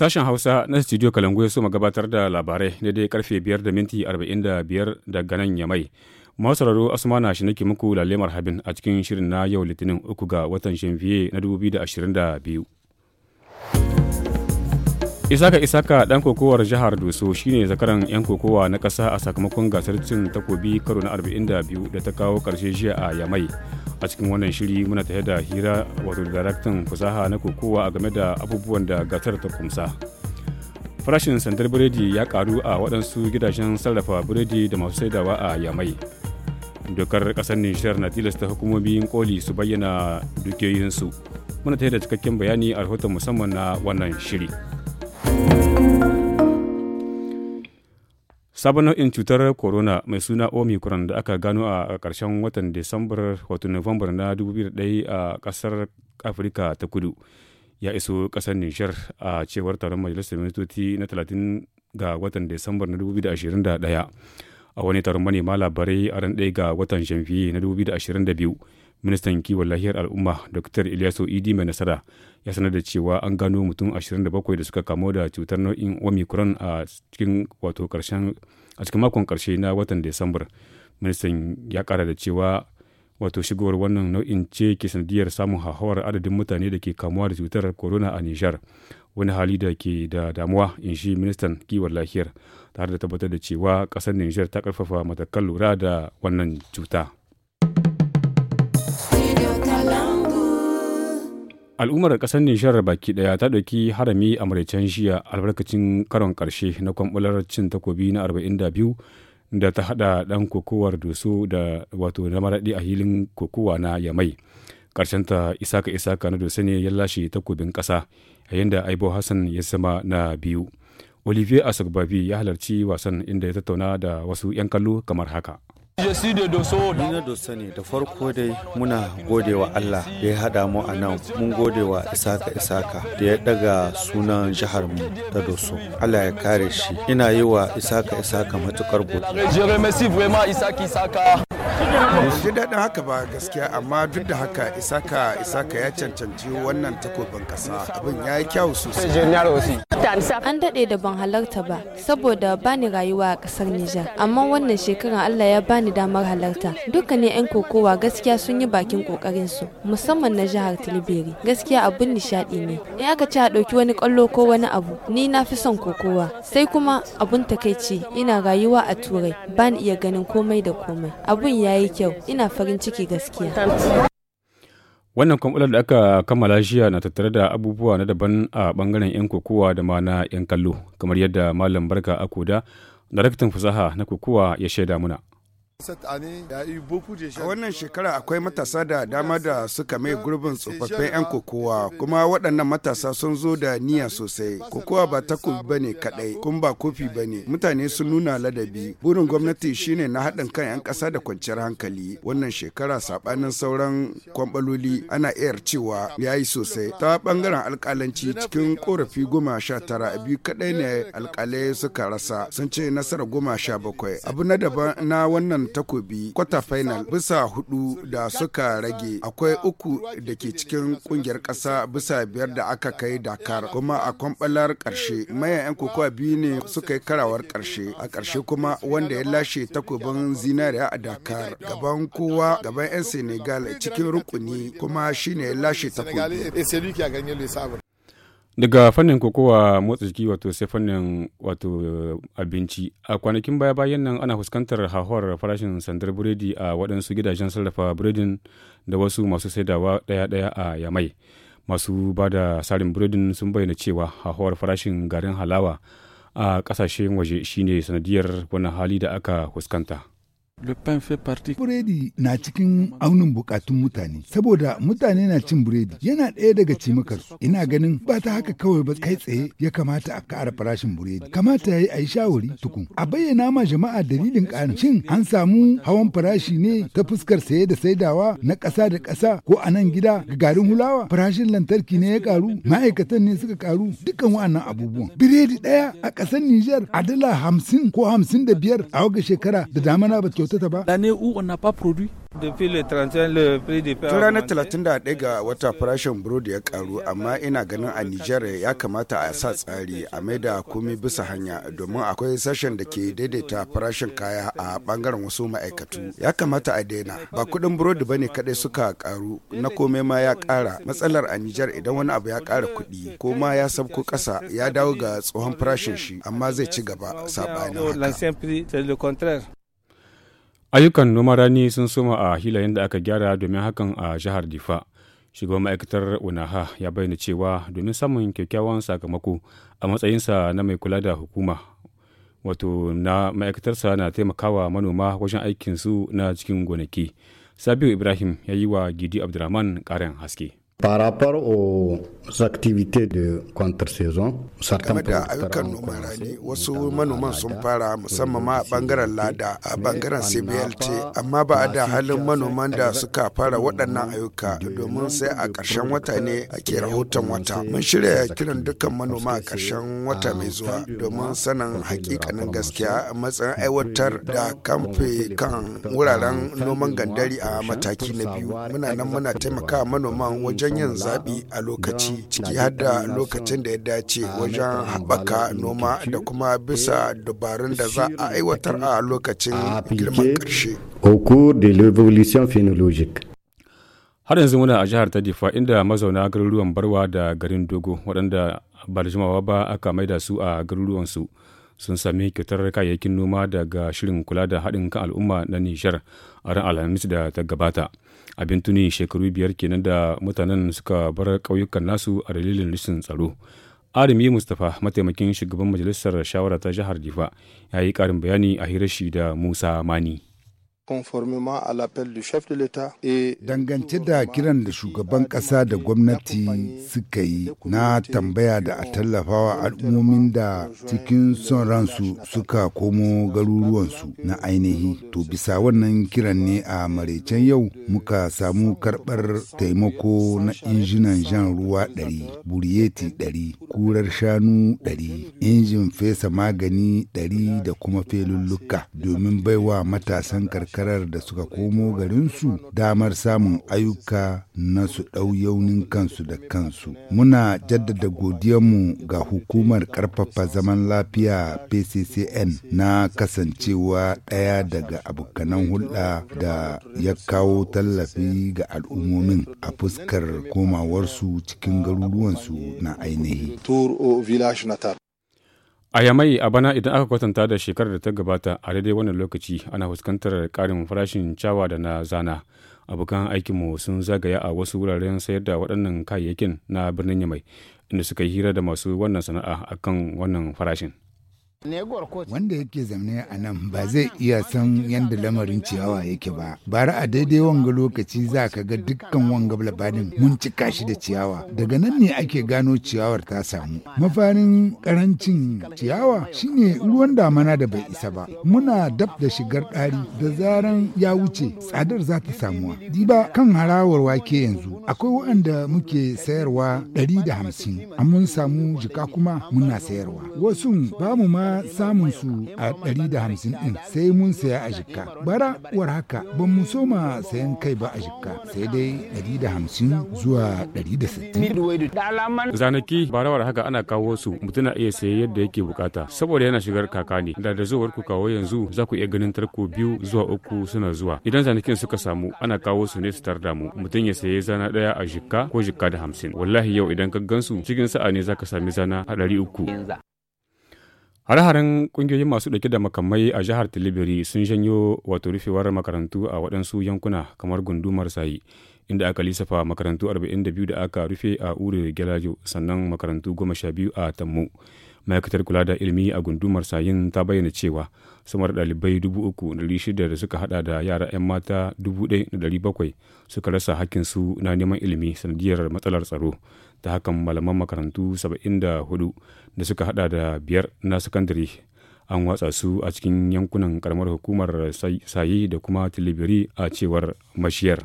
Sashen Hausa na Studio ya so gabatar da labarai daidai karfe 5 da minti 45 daga nan Yamai. Masararo Asmana shi nake muku lalemar habin a cikin shirin na yau Litinin uku ga watan Janvier na 2022. Isaka Isaka ɗan kokowar jihar Doso ne zakaran 'yan kokowa na ƙasa a sakamakon gasar cin takobi karo na 42 da ta kawo ƙarshe jiya a Yamai. a cikin wannan shiri muna tare da hira wato daraktan fasaha na kokowa game da abubuwan da gasar ta kumsa farashin sandar biredi ya karu a waɗansu gidajen sarrafa biredi da masu saidawa a yamai dokar ƙasar nishiyar na tilasta hukumomin koli su bayyana dukiyoyinsu muna tare da cikakken bayani a rahoton musamman na wannan shiri. sabon nau'in cutar corona mai suna omicron da aka gano a ƙarshen watan disambar wato novambar na 2001 a ƙasar afirka ta kudu ya iso ƙasar nishar a cewar taron majalisar ministoci na 30 ga watan disambar na 2021 a wani taron manema labarai a ran 1 ga watan janvier na 2022 ministan kiwon lahiyar al'umma dr iliyasu idi mai nasara ya sanar da cewa an gano mutum 27 da suka kamo da cutar nau'in omicron a cikin wato karshen a cikin makon karshe na watan desambar ministan ya kara da cewa wato shigowar wannan nau'in ce ke sanadiyar samun hauhawar adadin mutane da ke kamuwa da cutar corona a nijar wani hali da ke da damuwa in shi ministan kiwon lahiyar tare da tabbatar da cewa ƙasar nijar ta ƙarfafa matakan lura da wannan cuta. al'ummar kasar nishar baki daya ta ɗauki harami a maraicen shiya albarkacin karon karshe na kwambular cin takobi na 42 da ta hada ɗan kokowar doso da wato na maradi a hilin kokowa na yamai karshen ta isaka isaka na doso ne ya lashe takobin kasa yayin da aibo hassan ya sama na biyu olivier asogbavi ya halarci wasan inda ya tattauna da wasu 'yan kallo kamar haka Ni na dosa ne da farko dai muna gode wa Allah da ya haɗa mu a nan mun gode wa Isaka Isaka da ya ɗaga sunan jihar mu ta doso. Allah ya kare shi. Ina yi wa Isaka Isaka matukar godiya. ji daɗin haka ba gaskiya amma duk da haka isaka isaka ya cancanci wannan takobin ƙasa abin ya yi kyau sosai an daɗe da ban halarta ba saboda bani rayuwa a ƙasar nijar amma wannan shekarar allah ya bani damar halarta duka ne 'yan kokowa gaskiya sun yi bakin ƙoƙarin su musamman na jihar tilbiri gaskiya abin nishaɗi ne in aka ci a ɗauki wani ƙwallo ko wani abu ni na fi son kokowa sai kuma abun takaici ina rayuwa a turai bani iya ganin komai da komai abun ya ya yi kyau ina farin ciki gaskiya wannan kwamfular da aka kammala jiya na tattare da abubuwa na daban a bangaren 'yan kokowa da ma na 'yan kallo kamar yadda malam barka akoda daraktan fasaha na kokowa ya shaida muna A wannan shekara akwai matasa da dama da suka mai gurbin tsofaffin 'yan kokowa kuma waɗannan matasa sun zo da niyya sosai. Kokowa ba takobi ba ne kaɗai, kun ba kofi ba ne. Mutane sun nuna ladabi. Burin gwamnati shine na haɗin kan 'yan ƙasa da kwanciyar hankali. Wannan shekara saɓanin sauran kwamɓaloli ana iya cewa ya yi sosai. Ta ɓangaren alƙalanci cikin ƙorafi goma sha tara biyu kaɗai ne alƙalai suka rasa sun ce nasara goma sha bakwai. Abu na daban na wannan takobi kwata final bisa hudu da suka rage akwai uku da ke cikin kungiyar kasa bisa biyar da aka kai dakar kuma a kwambalar karshe maya 'yan kokowa biyu ne suka yi karawar karshe a karshe kuma wanda ya lashe takobin zinariya a dakar gaban kowa gaban 'yan senegal cikin rukuni kuma shine ya lashe takobi daga fannin kokowa motsa jiki wato sai fannin wato eh, abinci a kwanakin baya bayan nan ana fuskantar hauhawar farashin sandar biredi a waɗansu gidajen sarrafa biredin da wasu masu saidawa ɗaya-ɗaya a yamai masu ba da sarin burodin sun bayyana cewa hauhawar farashin garin halawa a ƙasashen waje shine sanadiyar wani hali da aka fuskanta. Buredi na cikin aunin bukatun mutane, saboda mutane na cin buredi yana ɗaya daga cimakarsu. Ina ganin ba ta haka kawai ba kai tsaye ya kamata a ƙara farashin buredi. Kamata ya yi a yi shawari tukun. A bayyana ma jama'a dalilin ƙarin. Shin an samu hawan farashi ne ta fuskar saye da saidawa na ƙasa da ƙasa ko a nan gida ga garin hulawa? Farashin lantarki ne ya ƙaru, ma'aikatan ne suka ƙaru, dukkan wa'annan abubuwan. Biredi ɗaya a ƙasar Nijar a dala hamsin ko hamsin da biyar a waga shekara da damana ba ta ba l'année où on n'a pas produit Tun ranar 31 ga wata farashin burodi ya karu amma ina ganin a Nijar ya kamata a sa tsari a mai da komai bisa hanya domin akwai sashen da ke daidaita farashin kaya a bangaren wasu ma'aikatu. Ya kamata a daina ba kudin burodi bane kadai suka karu na komai ma ya kara matsalar a Nijar idan wani abu ya kara kuɗi ko ma ya sabko kasa ya dawo ga tsohon farashin shi amma zai ci gaba sabanin haka. ayyukan noman rani sun soma a hilayen da aka gyara domin hakan a jihar difa shugaban ma'aikatar unaha ya bayyana cewa domin samun kyakkyawan sakamako a matsayinsa na mai kula da hukuma wato na ma'aikatarsa na taimakawa manoma wajen aikinsu na cikin gonaki sabiu ibrahim ya yi wa gidi abdulrahman ƙarin haske Par rapport aux activités de contre-saison, certains da ayyukan noman rani wasu manoman sun fara musamman ma a bangaren lada a bangaren CBLT amma ba a da halin manoman da suka fara waɗannan ayyuka domin sai a ƙarshen wata ne ake rahoton wata. Mun shirya kiran dukkan manoma a ƙarshen wata mai zuwa domin sanin hakikanin gaskiya matsayin aiwatar da kamfe kan wuraren noman gandari a mataki na biyu. Muna nan muna taimaka manoman wajen wajen yin zaɓi a lokaci ciki har da lokacin da ya dace wajen haɓaka noma da kuma bisa dabarun da za a aiwatar a lokacin girman ƙarshe. har yanzu muna a jihar ta difa inda mazauna garuruwan barwa da garin dogo waɗanda ba da jimawa ba aka maida su a garuruwansu sun sami kyautar kayayyakin noma daga shirin kula da haɗin kan al'umma na Nijar a ran Alhamis da ta gabata. Abin tuni shekaru biyar kenan da mutanen suka bar ƙauyukan nasu a dalilin rashin tsaro. Arimi Mustapha mataimakin shugaban majalisar shawara ta jihar Difa ya yi ƙarin bayani a shi da Musa Mani. conformément à l'appel du chef de l'État. Et... Dangance da kiran da shugaban kasa da gwamnati suka yi na tambaya da a tallafawa al'ummomin da cikin son ransu suka komo garuruwansu na ainihi. To bisa wannan kiran ne a maraicen yau muka samu karɓar taimako na injinan jan ruwa 100 buriyeti 100 kurar shanu 100 injin fesa magani 100 da kuma felulluka domin baiwa matasan karkara karkarar da suka komo garinsu damar samun ayyuka na su ɗau yaunin kansu da kansu. Muna jaddada godiyanmu ga hukumar karfafa zaman lafiya PCCN na kasancewa ɗaya daga abokanan hulɗa da ya kawo tallafi ga al'ummomin a fuskar komawarsu cikin garuruwansu na ainihi. A Yamai a bana idan aka kwatanta da shekarar da ta gabata a daidai wannan lokaci ana fuskantar karin farashin cawa da na zana. Abokan aikinmu sun zagaya a wasu wuraren sayar da waɗannan kayayyakin na birnin Yamai inda suka yi hira da masu wannan sana'a akan wannan farashin. Wanda yake zamne a nan ba zai iya san yadda lamarin ciyawa yake ba. Bara a daidai wanga lokaci za ka ga dukkan wanga labarin mun cika shi da ciyawa. Daga nan ne ake gano ciyawar ta samu. Mafarin karancin ciyawa shine ruwan damana da bai isa ba. Muna dab da shigar ɗari da zaran ya wuce tsadar za ta samuwa. Diba kan harawar wake yanzu akwai waɗanda muke sayarwa ɗari da hamsin. Mun samu jika kuma muna sayarwa. Wasu ba mu ma kuma samun su a 150 ɗin sai mun saya a jikka. Bara war haka ban mu soma sayan kai ba a jikka sai dai 150 zuwa 160. Zanaki bara war haka ana kawo su mutum na iya saye yadda yake bukata saboda yana shigar kaka ne da da zuwar ku kawo yanzu za ku iya ganin tarko biyu zuwa uku suna zuwa idan zanakin suka samu ana kawo su ne su tarda mu mutum ya saye zana daya a jikka ko jikka da hamsin wallahi yau idan ka gansu cikin sa'a ne za ka sami zana a ɗari uku. har-haren kungiyoyin masu ɗauke da makamai a jihar tilibiri sun janyo wato rufewar makarantu a waɗansu yankuna kamar gundumar sayi inda aka lissafa makarantu 42 da aka rufe a ure gelajo sannan makarantu 12 a tammu ma'aikatar kula da ilimi a gundumar sayin ta bayyana cewa samar ɗalibai 3,600 da suka hada da yara 'yan mata 1,700 suka rasa hakkinsu na neman ilimi sanadiyar matsalar tsaro ta hakan malaman makarantu saba'in da hudu da suka hada da biyar na sakandare an watsa su a cikin yankunan karamar hukumar sayi da kuma tilibiri a cewar mashiyar.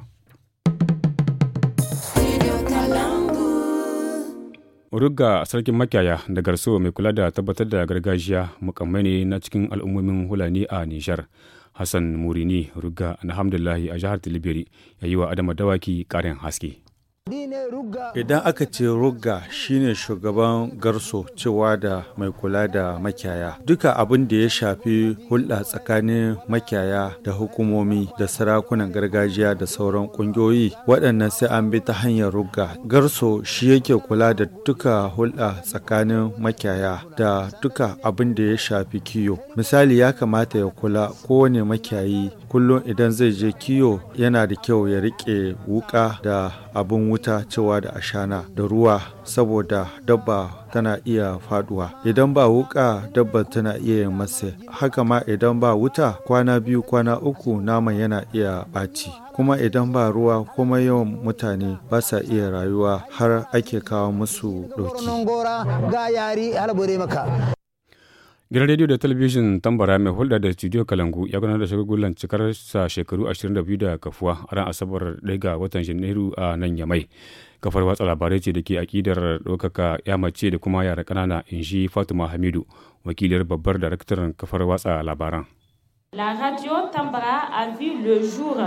ruga sarkin makiyaya da garso mai kula da tabbatar da gargajiya mukammai ne na cikin al'ummomin hulani a Nijar. Hassan Murini ruga na Hamdullahi a jihar Tilibiri ya yi wa Adama Dawaki karin haske. Idan aka ce rugga shine shugaban garso cewa da mai kula da makiyaya. Duka abin da ya shafi hulɗa tsakanin makiyaya da hukumomi da sarakunan gargajiya da sauran ƙungiyoyi waɗannan sai an bi ta hanyar rugga. Garso shi yake kula da duka hulɗa tsakanin makiyaya da duka abin da ya shafi kiyo. Misali ya kamata ya kula kowane makiyayi kullum idan zai je kiyo yana da kyau ya riƙe wuƙa da abin wuta cewa da ashana da ruwa saboda dabba tana iya faduwa idan ba wuka dabba tana iya yin masa haka ma idan ba wuta kwana biyu kwana uku naman yana iya ɓaci kuma idan ba ruwa kuma yawan mutane ba sa iya rayuwa har ake kawo musu ɗauki. Gidan rediyo da talabijin tambara mai hulɗa da studio Kalangu ya gudanar da shagulgulan cikar sa shekaru 22 da kafuwa a ran Asabar ɗaya ga watan Janairu a nan Yamai. Kafar watsa labarai ce da ke akidar ɗaukaka mace da kuma yara ƙanana in shi Fatima Hamidu, wakilar babbar daraktar kafar watsa labaran. La radio Tambara a vu le jour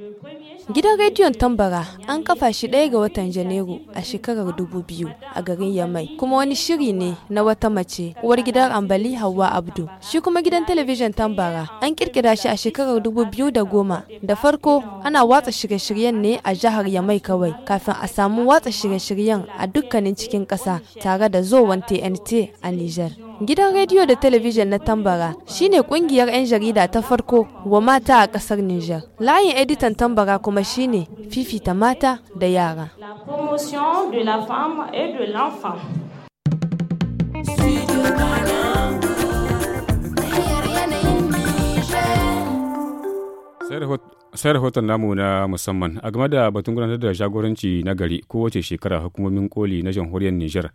le premier Gidan rediyon Tambara an kafa shi ɗaya ga watan Janairu a shekarar 2000 a garin Yamai, kuma wani shiri ne na wata mace uwar gidan Ambali Hauwa Abdu. Shi kuma gidan talabijin Tambara an kirkira shi a shekarar dubu biyu da goma da farko ana watsa shirye-shiryen ne a jihar Yamai kawai kafin a samu watsa shirye-shiryen a dukkanin cikin ƙasa tare da zowan TNT a Nijar. Gidan rediyo da talabijin na Tambara shine ƙungiyar 'yan jarida ta farko wa mata a ƙasar Nijar. Layin editan Tambara kuma Machine, Fifi Tamata, Dayara. yara. La promotion de la femme et de l'enfant. Sai sai rahoton namu na musamman a game da batun gudanar da jagoranci na gari kowace shekara hukumomin koli na jamhuriyar niger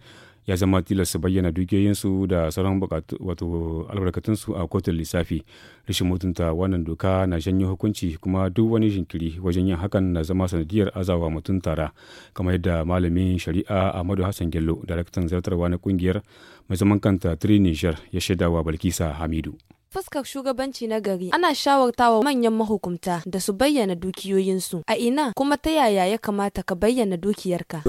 ya zama tilasta bayyana dukiyoyinsu da sauran wato albarkatunsu a kotun lissafi rashin mutunta wannan doka na janyo hukunci kuma duk wani jinkiri wajen yin hakan na zama sanadiyar azawa mutum tara kamar yadda malamin shari'a ahmadu hassan gello daraktan zartarwa na kungiyar mai zaman kanta tri niger ya shaidawa balkisa hamidu Fuskar shugabanci na gari ana shawartawa manyan mahukumta da su bayyana dukiyoyinsu a ina kuma ta yaya ya kamata ka bayyana dukiyarka.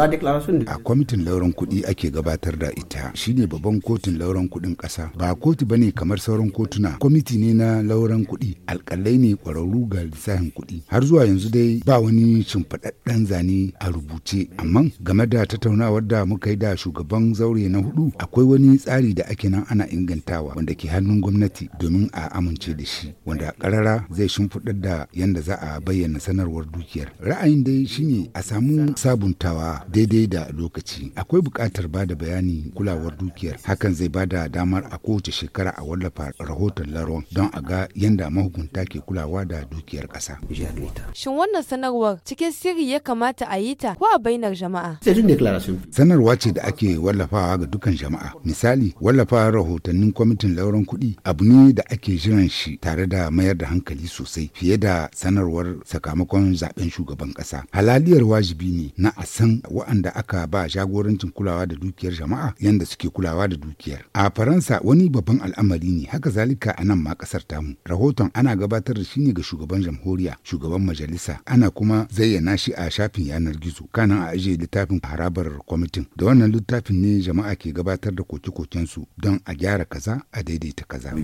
A kwamitin lauran kuɗi ake gabatar da ita shine babban kotun lauran kuɗin ƙasa ba kotu bane kamar sauran kotuna kwamiti ne na lauran kuɗi alƙalai ne ƙwararru ga lissafin kuɗi har zuwa yanzu dai ba wani shimfiɗaɗɗen zane a rubuce amma game da tattaunawar da muka yi da shugaban zaure na hudu akwai wani tsari da ake nan ana ingantawa wanda ke hannun gwamnati domin domin a amince da shi wanda karara zai shimfiɗar da yadda za a bayyana sanarwar dukiyar ra'ayin dai shine a samu sabuntawa daidai da lokaci akwai bukatar ba da bayani kulawar dukiyar hakan zai ba da damar a kowace shekara a wallafa rahoton laron don a ga yadda mahukunta ke kulawa da dukiyar ƙasa shin wannan sanarwar cikin sirri ya kamata a yi ta ko a bainar jama'a sanarwa ce da ake wallafawa ga dukan jama'a misali wallafa rahotannin kwamitin lauran kuɗi abu ne da da ake jiran shi tare da mayar da hankali sosai fiye da sanarwar sakamakon zaben shugaban kasa Halaliyar wajibi ne na a san wa'anda aka ba jagorancin kulawa da dukiyar jama'a yadda suke kulawa da dukiyar. A Faransa wani babban al'amari ne haka zalika a nan ma ƙasar tamu. Rahoton ana gabatar da shi ne ga shugaban jamhuriya, shugaban majalisa, ana kuma zayyana shi a shafin yanar gizo. Kanan a ajiye littafin harabar kwamitin. Da wannan littafin ne jama'a ke gabatar da koke koken su don a gyara kaza a daidaita kaza.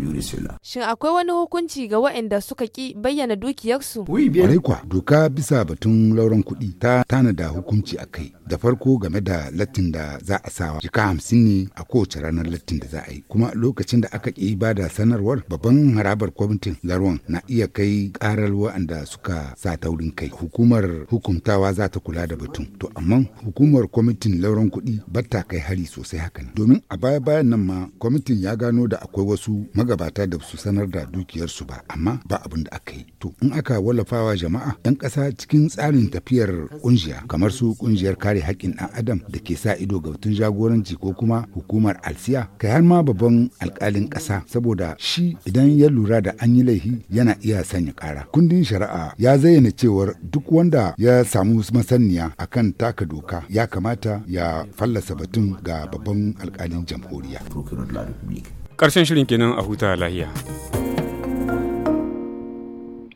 Allah. Shin akwai wani hukunci ga waɗanda suka ki bayyana dukiyarsu? Wai kwa doka bisa batun lauran kuɗi ta tanada hukunci a kai. da farko game da lattin da za a sawa jika hamsin ne a kowace ranar lattin da za a yi kuma lokacin da aka ki ba da sanarwar babban harabar kwamitin zarwan na iya kai karar wa'anda suka sa taurin kai hukumar hukumtawa za ta kula da batun to amma hukumar kwamitin lauran kuɗi ba ta kai hari sosai hakan domin a baya bayan nan ma kwamitin ya gano da akwai wasu magabata da su sanar da dukiyarsu ba amma ba abin da aka yi to in aka wallafawa jama'a 'yan ƙasa cikin tsarin tafiyar kungiya kamar su kungiyar kare kare haƙƙin ɗan adam da ke sa ido ga batun jagoranci ko kuma hukumar alsiya kai har ma babban alƙalin ƙasa saboda shi idan ya lura da an yi laifi yana iya sanya ƙara kundin shari'a ya zayyana cewar duk wanda ya samu masaniya akan taka doka ya kamata ya fallasa batun ga babban alƙalin jamhuriya ƙarshen shirin kenan a huta lahiya